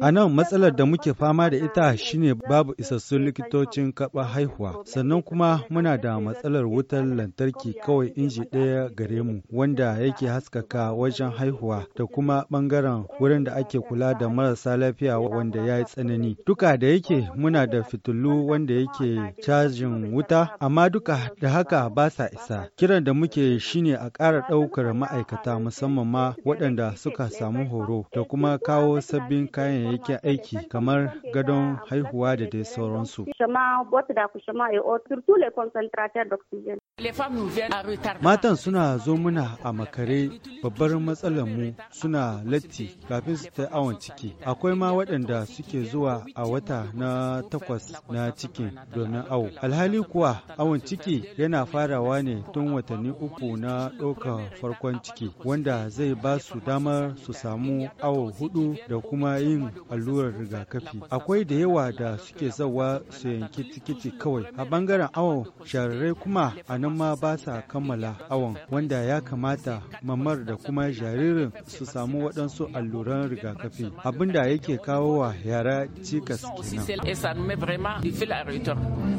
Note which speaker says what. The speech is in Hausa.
Speaker 1: A nan matsalar da muke fama da ita shine babu isassun likitocin kaɓa haihuwa, sannan kuma muna da matsalar wutar lantarki kawai inji ɗaya gare mu wanda yake haskaka wajen haihuwa da kuma ɓangaren wurin da ake kula da marasa lafiya wanda ya yi tsanani. Duka da yake muna da fitilu wanda yake cajin wuta, amma duka da haka ba sa isa. Kiran da muke shine a ƙara ɗaukar ma'aikata musamman ma waɗanda suka samu horo da kuma kawo kawo sabbin kayayyakin aiki kamar gadon haihuwa da dai sauransu. Matan suna zo muna a makare babbar matsalar mu suna latti kafin su ta awon ciki. Akwai ma waɗanda suke zuwa a wata na takwas na ciki domin awo. Alhali kuwa awon ciki yana farawa ne tun watanni uku na ɗaukar farkon ciki wanda zai ba su damar su samu awo hudu da kuma yin allurar rigakafi. Akwai da yawa da suke zawa su yanki tikiti kawai. A bangaren awo shararrai kuma a nan ma ba sa kammala awon wanda ya kamata mamar da kuma jaririn su samu waɗansu alluran rigakafi abinda yake kawo wa yara cikas kenan